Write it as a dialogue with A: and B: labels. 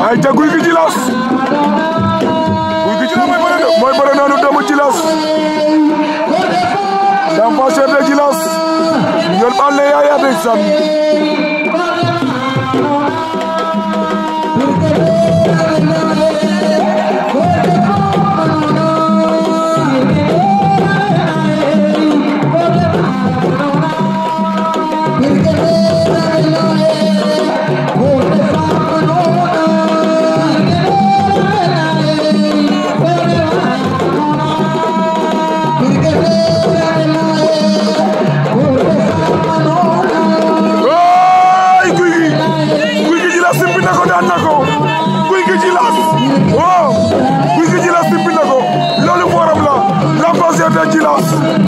A: waaye ca guy gi jilas guy gi jilas mooy bëre mooy jilas dam fa chef de jilas
B: ñoon ɓalle yaaya de
C: daan na ko guy gi jilas waaw guy gi na ko loolu forum la la concert de jilas